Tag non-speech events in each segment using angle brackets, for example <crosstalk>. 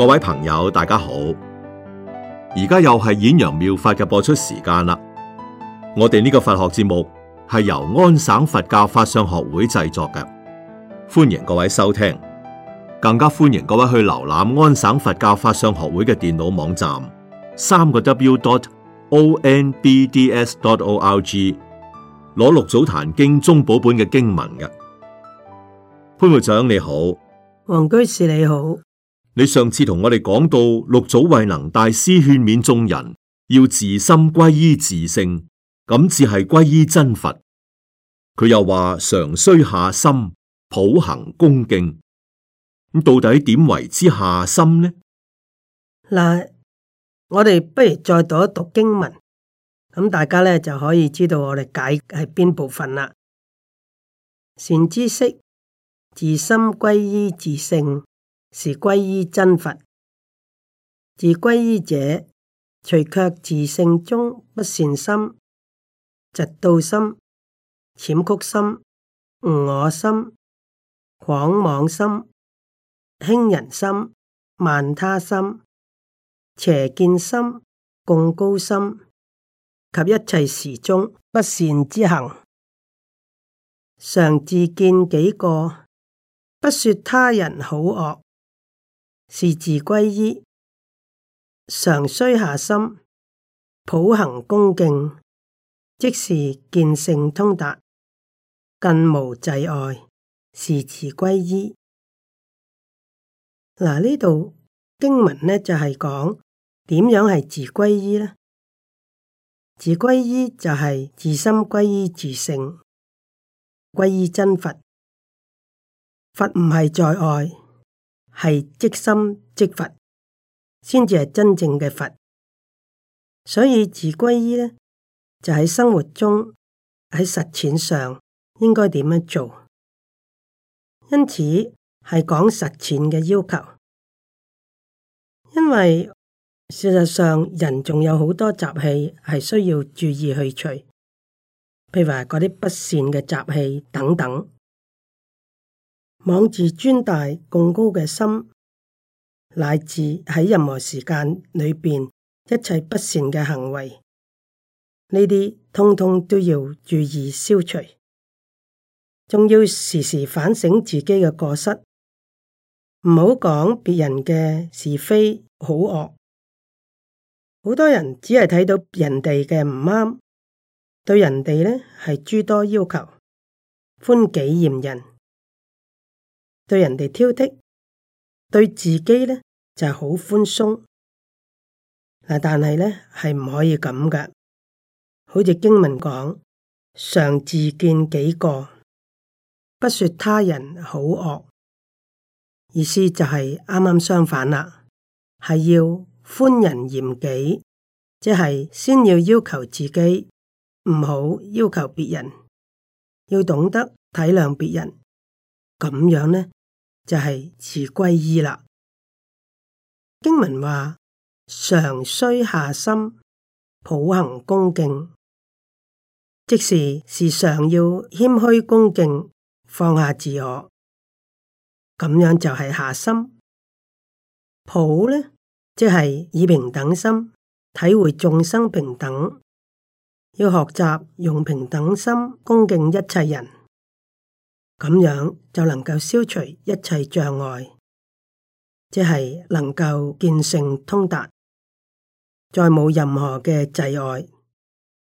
各位朋友，大家好！而家又係演揚妙法嘅播出時間啦。我哋呢個佛學節目係由安省佛教法相學會製作嘅，歡迎各位收聽，更加歡迎各位去瀏覽安省佛教法相學會嘅電腦網站，三個 W dot O N B D S dot O R G，攞六祖壇經宗寶本嘅經文嘅。潘會長你好，黃居士你好。你上次同我哋講到六祖慧能大師勸勉眾人要自心歸依自性，咁至係歸依真佛。佢又話常須下心，普行恭敬。咁到底點為之下心呢？嗱，我哋不如再讀一讀經文，咁大家呢就可以知道我哋解係邊部分啦。善知識，自心歸依自性。是歸依真佛，自歸依者，除卻自性中不善心、嫉妒心、淺曲心、吾我心、狂妄心、輕人心、慢他心、邪見心、貢高心及一切時中不善之行，常自見己過，不說他人好惡。是自歸依，常須下心，普行恭敬，即是見性通達，更無滯礙。是自歸依。嗱，呢度經文呢就係、是、講點樣係自歸依呢？自歸依就係自心歸依自性，歸依真佛。佛唔係在外。係即心即佛，先至係真正嘅佛。所以自歸依呢，就喺生活中喺實踐上應該點樣做？因此係講實踐嘅要求，因為事實上人仲有好多習氣係需要注意去除，譬如話嗰啲不善嘅習氣等等。妄自尊大貢高嘅心，乃至喺任何時間裏邊，一切不善嘅行為，呢啲通通都要注意消除。仲要時時反省自己嘅過失，唔好講別人嘅是非好惡。好多人只係睇到人哋嘅唔啱，對人哋呢，係諸多要求，寬己嚴人。對人哋挑剔，對自己咧就係好寬鬆。嗱，但係咧係唔可以咁㗎。好似經文講，常自見己過，不說他人好惡。意思就係啱啱相反啦，係要寬人嚴己，即係先要要求自己，唔好要，要求別人，要懂得體諒別人，咁樣咧。就係自歸依啦。經文話：常須下心，普行恭敬，即是時常要謙虛恭敬，放下自我，咁樣就係下心。普呢，即係以平等心體會眾生平等，要學習用平等心恭敬一切人。咁樣就能夠消除一切障礙，即係能夠見性通達，再冇任何嘅滯礙。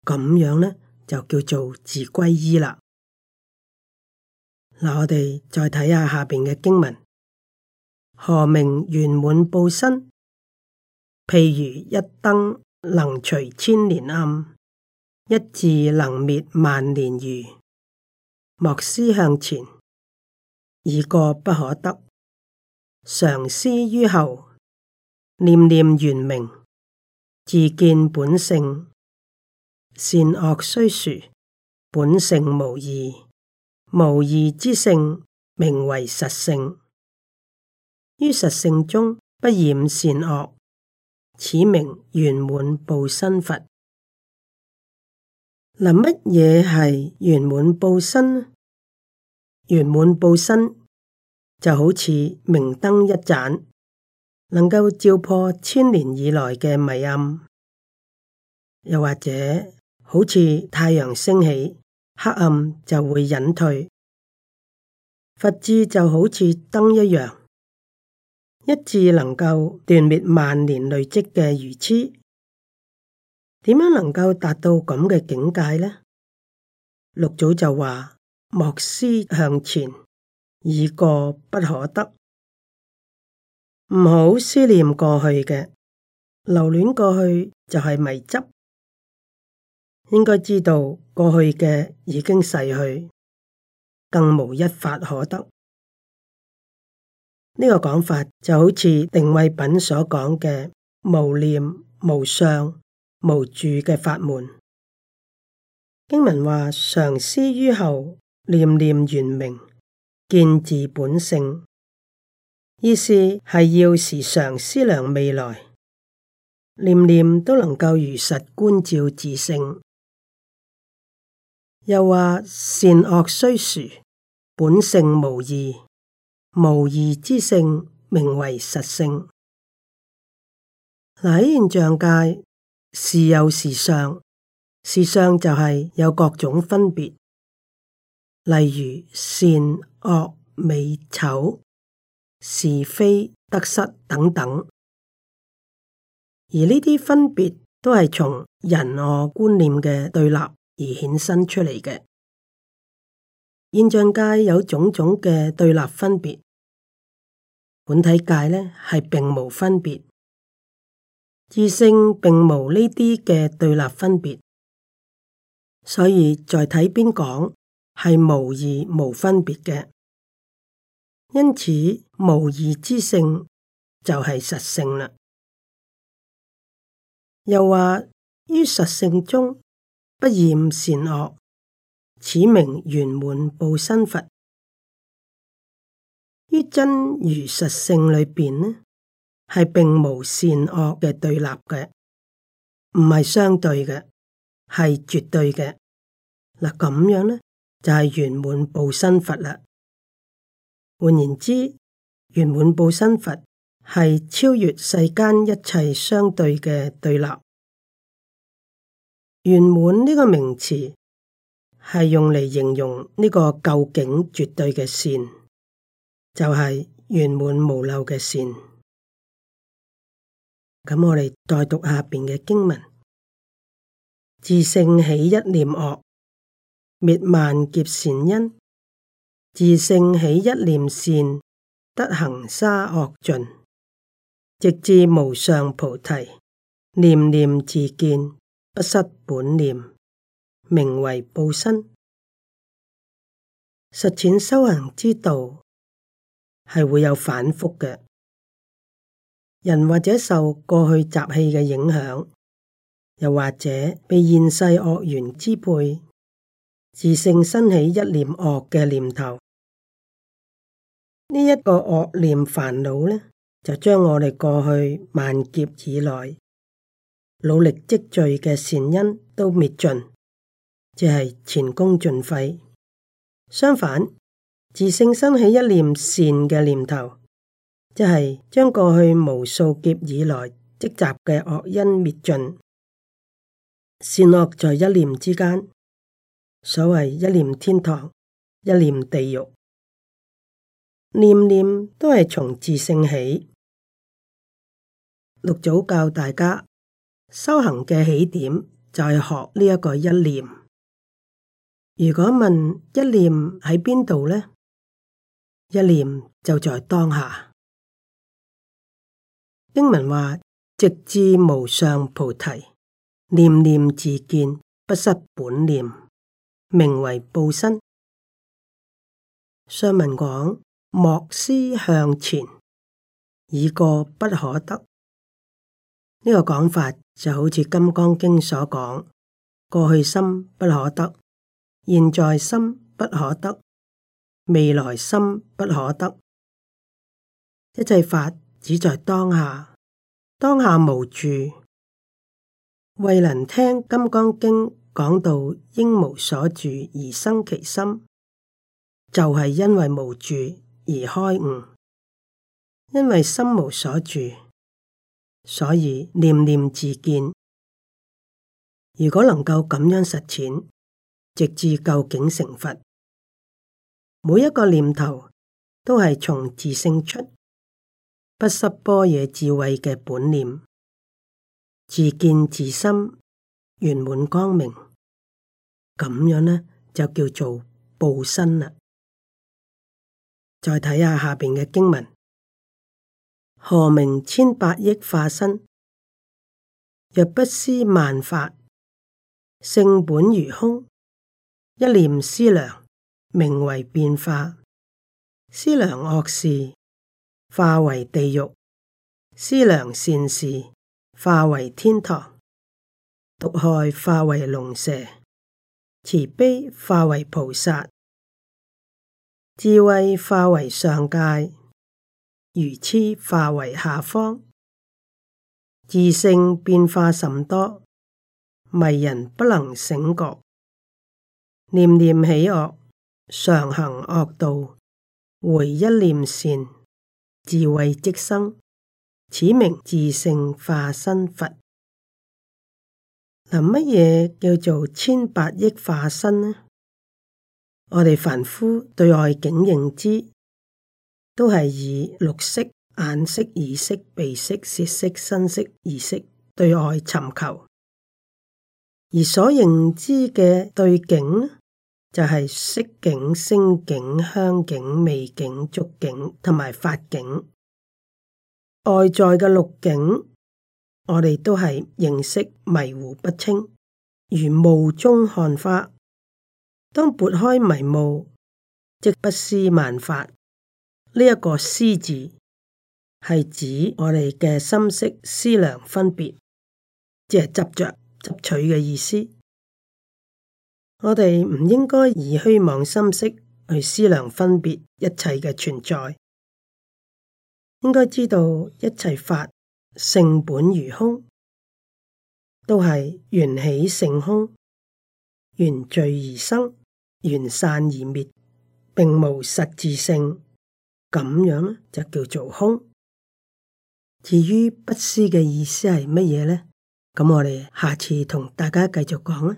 咁樣呢，就叫做自皈依啦。嗱，我哋再睇下下邊嘅經文：何名圓滿報身？譬如一燈能除千年暗，一字能滅萬年愚。莫思向前，已過不可得；常思於後，念念圓明，自見本性。善惡雖殊，本性無異。無異之性，名為實性。於實性中，不染善惡，此名圓滿報身佛。嗱，乜嘢係圓滿報身呢？圓滿報身就好似明燈一盞，能夠照破千年以來嘅迷暗；又或者好似太陽升起，黑暗就會隱退。佛智就好似燈一樣，一智能夠斷滅萬年累積嘅愚痴。點樣能夠達到咁嘅境界呢？六祖就話：莫思向前，已過不可得。唔好思念過去嘅，留戀過去就係迷執。應該知道過去嘅已經逝去，更無一法可得。呢、這個講法就好似定慧品所講嘅無念無相。無住嘅法門，經文話：常思於後，念念圓明，見自本性。意思係要時常思量未來，念念都能夠如實觀照自性。又話善惡雖殊，本性無異，無異之性名為實性。乃喺現象界。時有事相，事相就係有各種分別，例如善惡、美醜、是非、得失等等。而呢啲分別都係從人我觀念嘅對立而衍生出嚟嘅。現象界有種種嘅對立分別，本體界呢，係並無分別。自性並無呢啲嘅對立分別，所以再睇邊講係無二無分別嘅，因此無二之性就係實性啦。又話於實性中不厭善惡，此名圓滿報身佛。於真如實性裏邊呢，係並無善惡嘅對立嘅，唔係相對嘅，係絕對嘅。嗱，咁樣咧就係圓滿報身佛啦。換言之，圓滿報身佛係超越世間一切相對嘅對立。圓滿呢個名詞係用嚟形容呢個究竟絕對嘅善，就係圓滿無漏嘅善。咁我哋再讀下邊嘅經文：自性起一念惡，滅萬劫善因；自性起一念善，得行沙惡盡，直至無上菩提。念念自見，不失本念，名為報身。實踐修行之道，係會有反復嘅。人或者受過去習氣嘅影響，又或者被現世惡緣支配，自性生起一念惡嘅念頭，呢一個惡念煩惱呢，就將我哋過去萬劫以來努力積聚嘅善因都滅盡，即係前功盡廢。相反，自性生起一念善嘅念頭。即係將過去無數劫以來積集嘅惡因滅盡，善惡在一念之間。所謂一念天堂，一念地獄，念念都係從自性起。六祖教大家修行嘅起點就係學呢一個一念。如果問一念喺邊度呢？「一念」就在當下。經文話：直至無上菩提，念念自見，不失本念，名為報身。上文講莫思向前，已過不可得。呢個講法就好似《金剛經》所講：過去心不可得，現在心不可得，未來心不可得。一切法。只在當下，當下無住，慧能聽《金剛經》講到應無所住而生其心，就係、是、因為無住而開悟，因為心無所住，所以念念自見。如果能夠咁樣實踐，直至究竟成佛，每一個念頭都係從自性出。不失般若智慧嘅本念，自見自心圓滿光明，咁樣呢就叫做報身啦。再睇下下邊嘅經文，何名千百億化身？若不思萬法，性本如空，一念思量，名為變化；思量惡事。化為地獄，思量善事，化為天堂，毒害化為龍蛇，慈悲化為菩薩，智慧化為上界，愚痴化為下方，自性變化甚多，迷人不能醒覺，念念起惡，常行惡道，回一念善。智慧即生，此名自性化身佛。嗱，乜嘢叫做千百億化身呢？我哋凡夫對外境認知，都係以六識、眼識、耳識、鼻識、舌識，識、身識，識、意識對外尋求，而所認知嘅對境。就係色境、聲境、香境、味境、觸境，同埋法境。外在嘅六境，我哋都係認識迷糊不清，如霧中看花。當撥開迷霧，即不思萬法。呢、這、一個思字，係指我哋嘅心識思量分別，即係執着、執取嘅意思。我哋唔應該以虛妄心識去思量分別一切嘅存在，應該知道一切法性本如空，都係緣起性空，緣聚而生，緣散而滅，並無實質性。咁樣呢就叫做空。至於不思嘅意思係乜嘢呢？咁我哋下次同大家繼續講啊！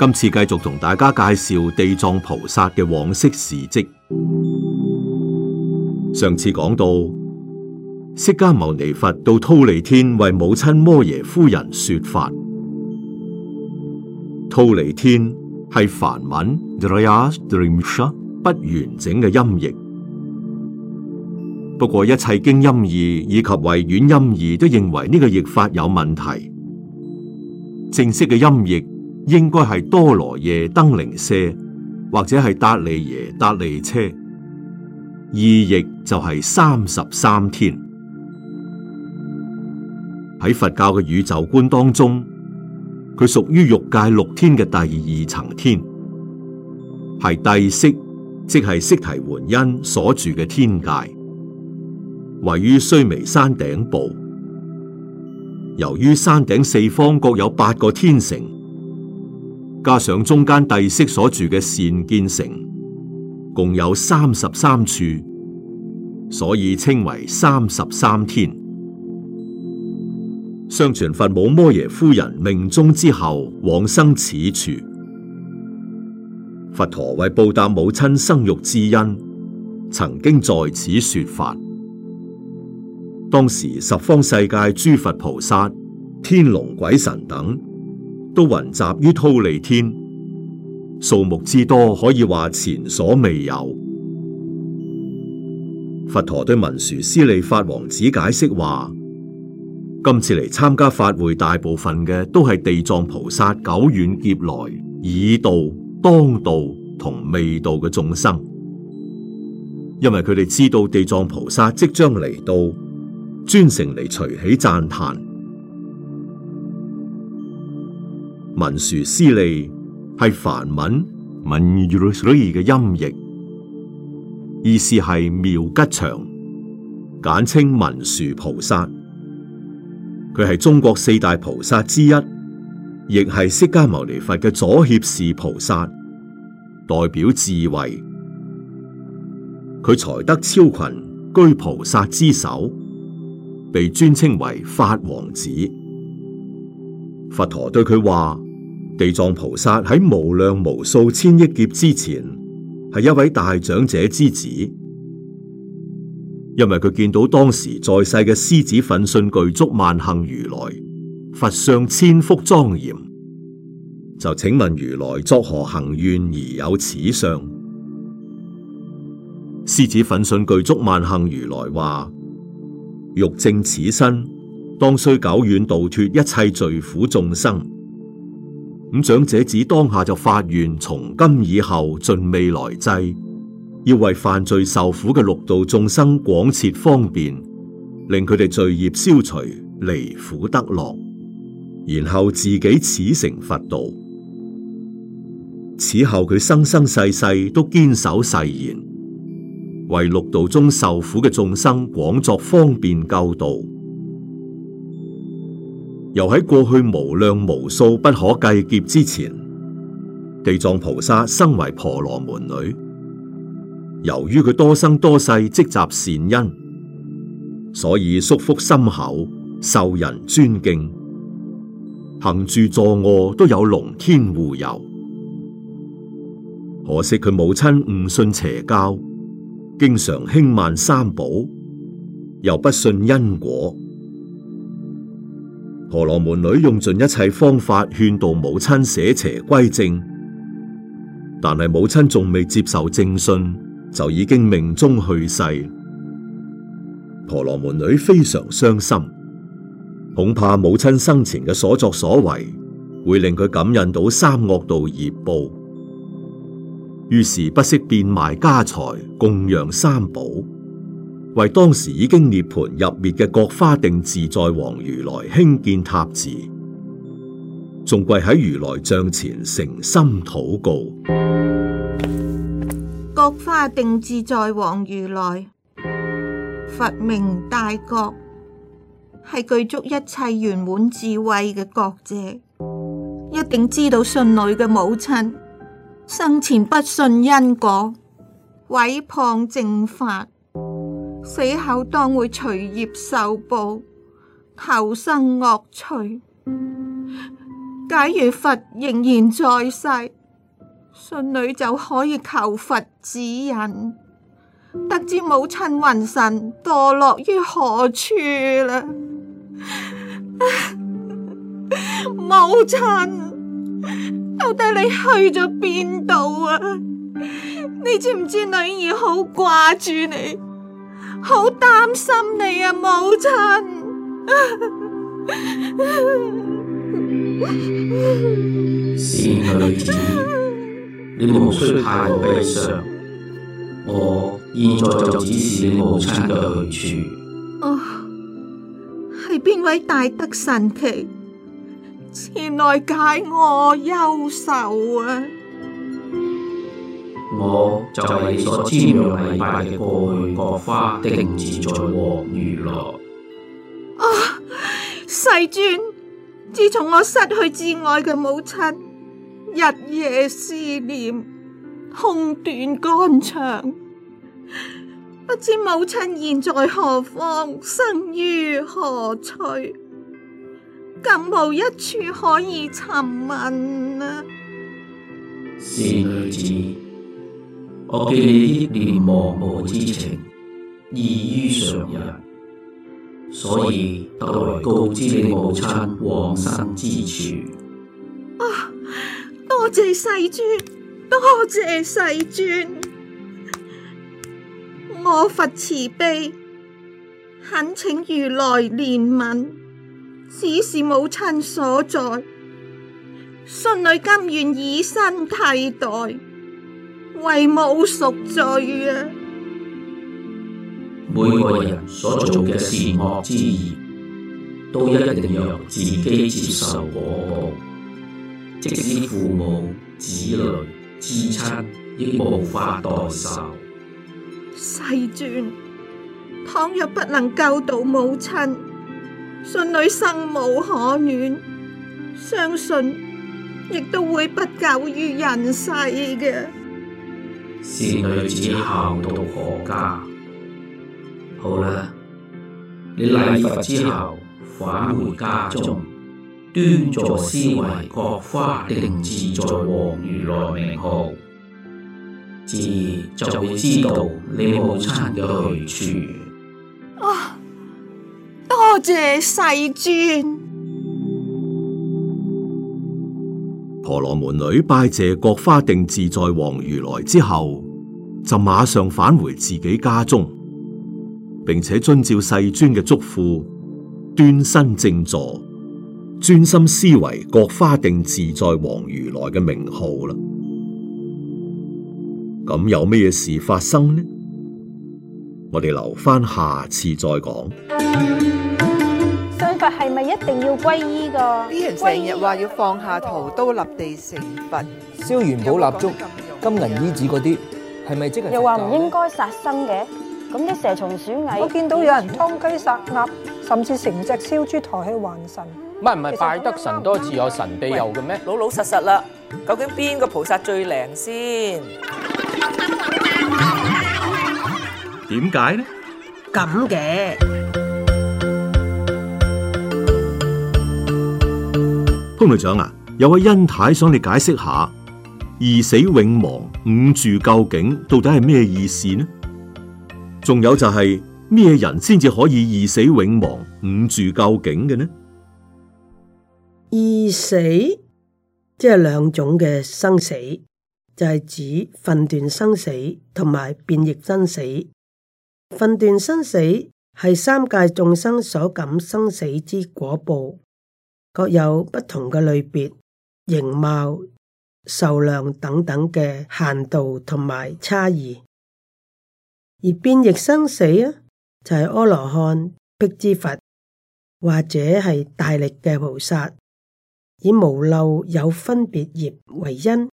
今次繼續同大家介紹地藏菩薩嘅往昔事迹。上次講到釋迦牟尼佛到忉利天為母親摩耶夫人說法，忉利天係梵文，不完整嘅音譯。不過一切經音義以及慧苑音義都認為呢個譯法有問題。正式嘅音譯。應該係多羅夜登陵舍，或者係達利耶達利車，意譯就係三十三天。喺佛教嘅宇宙觀當中，佢屬於欲界六天嘅第二層天，係帝釋，即係釋提桓因所住嘅天界，位於須彌山頂部。由於山頂四方各有八個天城。加上中間帝釋所住嘅善見城，共有三十三處，所以稱為三十三天。相傳佛母摩耶夫人命終之後，往生此處。佛陀為報答母親生育之恩，曾經在此說法。當時十方世界諸佛菩薩、天龍鬼神等。都雲集於忉利天，數目之多可以話前所未有。佛陀對文殊師利法王子解釋話：今次嚟參加法會，大部分嘅都係地藏菩薩久遠劫來已度、當度同未度嘅眾生，因為佢哋知道地藏菩薩即將嚟到，專程嚟隨喜讚歎。文殊師利係梵文文殊女嘅音譯，意思係妙吉祥，簡稱文殊菩薩。佢係中國四大菩薩之一，亦係釋迦牟尼佛嘅左脅侍菩薩，代表智慧。佢才德超群，居菩薩之首，被尊稱為法王子。佛陀對佢話：地藏菩薩喺無量無數千億劫之前，係一位大長者之子。因為佢見到當時在世嘅獅子奮迅具足萬行如來，佛相千福莊嚴，就請問如來作何行願而有此相？獅子奮迅具足萬行如來話：欲證此身，當須久遠度脱一切罪苦眾生。咁長者子當下就發願，從今以後盡未來際，要為犯罪受苦嘅六道眾生廣設方便，令佢哋罪業消除，離苦得樂，然後自己始成佛道。此後佢生生世世都堅守誓言，為六道中受苦嘅眾生廣作方便教導。又喺過去無量無數不可計劫之前，地藏菩薩身為婆羅門女。由於佢多生多世積集善因，所以宿福深厚，受人尊敬。行住坐臥都有龍天護佑。可惜佢母親誤信邪教，經常輕慢三寶，又不信因果。婆羅門女用盡一切方法勸導母親捨邪歸正，但係母親仲未接受正信，就已經命中去世。婆羅門女非常傷心，恐怕母親生前嘅所作所為會令佢感染到三惡道業報，於是不惜變賣家財供養三寶。為當時已經涅槃入滅嘅覺華定自在王如來興建塔寺，仲跪喺如來像前誠心禱告。覺華定自在王如來，佛名大覺，係具足一切圓滿智慧嘅覺者，一定知道信女嘅母親生前不信因果，毀謗正法。死後當會隨業受報，求生惡趣。假如佛仍然在世，信女就可以求佛指引，得知母親魂神墮落於何處啦。 <laughs> 母親，到底你去咗邊度啊？你知唔知女兒好掛住你？好擔心你啊，母親！善女子，你唔需太悲傷。我現在就指示你母親嘅去處。哦，係邊位大德神奇前來解我憂愁啊！我就係你所瞻仰禮拜嘅過去國花定自在王如來。啊、哦，世尊，自從我失去至愛嘅母親，日夜思念，空斷肝腸，不知母親現在何方，生於何處，更無一處可以尋問啊！是女子。我見你依念亡母之情異於常人，所以特來告知你母親往生之處。啊！多謝世尊，多謝世尊，我佛慈悲，懇請如來憐憫，指示母親所在。信女甘願以身替代。為母贖罪啊！每個人所做嘅善惡之業，都一定要自己接受果報，即使父母、子女、至親，亦無法代受。世尊，倘若不能救到母親，信女生無可戀，相信亦都會不久於人世嘅。善女子，孝道可嘉。好啦，你禮佛之後返回家中，端坐思維，覺華定自在王如來名號，自然就會知道你母親嘅去處。啊，多謝世尊。婆羅門女拜謝國花定自在王如來之後，就馬上返回自己家中，並且遵照世尊嘅囑咐，端身正坐，專心思維國花定自在王如來嘅名號啦。咁有咩事發生呢？我哋留翻下次再講。佛係咪一定要皈依噶？啲人成日話要放下屠刀立地成佛，燒元寶蠟燭、金銀衣紙嗰啲，係咪即係？又話唔應該殺生嘅，咁啲蛇蟲鼠蟻，我見到有人劏雞殺鴨，甚至成隻燒豬抬去還神。唔係唔係，拜得神多自有神庇佑嘅咩？老老實實啦，究竟邊個菩薩最靈先？點解呢？咁嘅。潘隊長啊，有位恩太，太想你解釋下，二死永亡五住究竟到底係咩意思呢？仲有就係、是、咩人先至可以二死永亡五住究竟嘅呢？二死即係兩種嘅生死，就係、是、指分段生死同埋變易生死。分段生死係三界眾生所感生死之果報。各有不同嘅類別、形貌、壽量等等嘅限度同埋差異，而變易生死啊，就係、是、阿羅漢、辟支佛或者係大力嘅菩薩，以無漏有分別業為因，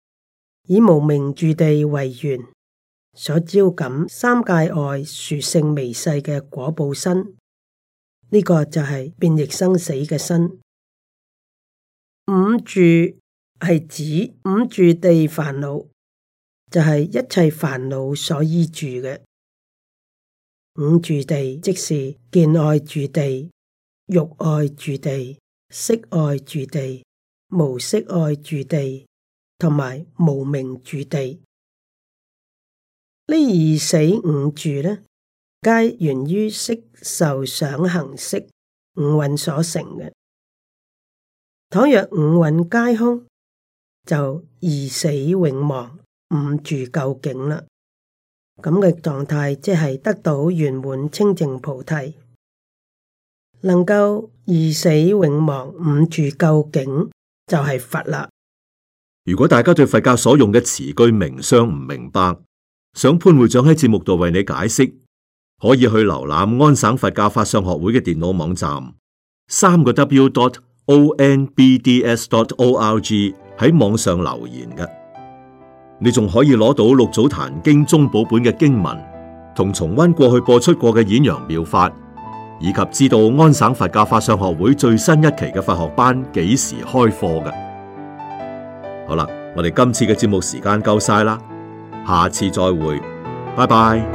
以無明住地為緣，所招感三界外殊勝微細嘅果報身，呢、這個就係變易生死嘅身。五住係指五住地煩惱，就係、是、一切煩惱所依住嘅五住地，即是見愛住地、欲愛住地、色愛住地、無色愛住地同埋無明住地。呢二死五住呢，皆源於色受想行識五蘊所成嘅。倘若五蘊皆空，就二死永亡，五住究竟啦。咁嘅狀態，即係得到圓滿清淨菩提，能夠二死永亡，五住究竟，就係、是、佛啦。如果大家對佛教所用嘅詞句名相唔明白，想潘會長喺節目度為你解釋，可以去瀏覽安省佛教法相學會嘅電腦網站，三個 w dot。ONBDS.ORG，喺網上留言嘅。你仲可以攞到六祖壇經宗寶本嘅經文，同重温過去播出過嘅演揚妙法，以及知道安省佛教法相學會最新一期嘅法學班幾時開課嘅。好啦，我哋今次嘅節目時間夠晒啦，下次再會，拜拜。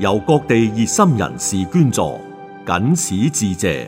由各地熱心人士捐助，謹此致謝。